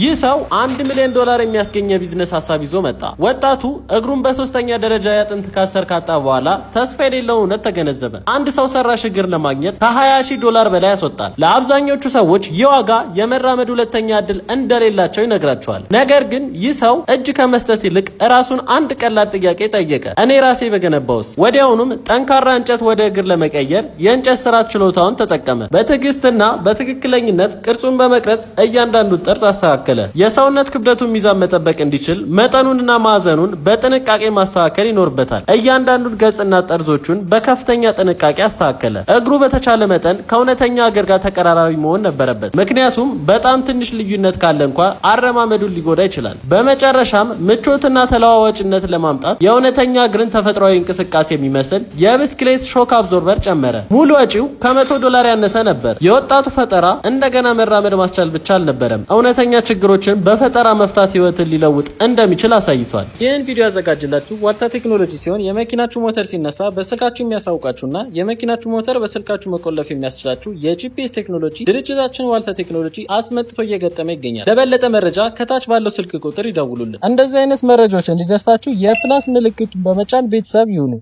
ይህ ሰው አንድ ሚሊዮን ዶላር የሚያስገኘ ቢዝነስ ሀሳብ ይዞ መጣ። ወጣቱ እግሩን በሶስተኛ ደረጃ የአጥንት ካሰር ካጣ በኋላ ተስፋ የሌለው እውነት ተገነዘበ። አንድ ሰው ሰራሽ እግር ለማግኘት ከ20 ሺህ ዶላር በላይ ያስወጣል። ለአብዛኞቹ ሰዎች ይህ ዋጋ የመራመድ ሁለተኛ እድል እንደሌላቸው ይነግራቸዋል። ነገር ግን ይህ ሰው እጅ ከመስጠት ይልቅ ራሱን አንድ ቀላል ጥያቄ ጠየቀ። እኔ ራሴ በገነባውስ? ወዲያውኑም ጠንካራ እንጨት ወደ እግር ለመቀየር የእንጨት ስራ ችሎታውን ተጠቀመ። በትዕግስትና በትክክለኝነት ቅርጹን በመቅረጽ እያንዳንዱ ጥርጽ አስተካከለ። የተስተካከለ የሰውነት ክብደቱን ሚዛን መጠበቅ እንዲችል መጠኑንና ማዕዘኑን በጥንቃቄ ማስተካከል ይኖርበታል። እያንዳንዱን ገጽና ጠርዞቹን በከፍተኛ ጥንቃቄ አስተካከለ። እግሩ በተቻለ መጠን ከእውነተኛ እግር ጋር ተቀራራቢ መሆን ነበረበት፣ ምክንያቱም በጣም ትንሽ ልዩነት ካለ እንኳ አረማመዱን ሊጎዳ ይችላል። በመጨረሻም ምቾትና ተለዋዋጭነት ለማምጣት የእውነተኛ እግርን ተፈጥሯዊ እንቅስቃሴ የሚመስል የብስክሌት ሾክ አብዞርበር ጨመረ። ሙሉ ወጪው ከመቶ ዶላር ያነሰ ነበር። የወጣቱ ፈጠራ እንደገና መራመድ ማስቻል ብቻ አልነበረም እውነተኛ ችግሮችን በፈጠራ መፍታት ህይወትን ሊለውጥ እንደሚችል አሳይቷል። ይህን ቪዲዮ ያዘጋጅላችሁ ዋልታ ቴክኖሎጂ ሲሆን የመኪናችሁ ሞተር ሲነሳ በስልካችሁ የሚያሳውቃችሁና የመኪናችሁ ሞተር በስልካችሁ መቆለፍ የሚያስችላችሁ የጂፒኤስ ቴክኖሎጂ ድርጅታችን ዋልታ ቴክኖሎጂ አስመጥቶ እየገጠመ ይገኛል። ለበለጠ መረጃ ከታች ባለው ስልክ ቁጥር ይደውሉልን። እንደዚህ አይነት መረጃዎች እንዲደርሳችሁ የፕላስ ምልክቱን በመጫን ቤተሰብ ይሁኑ።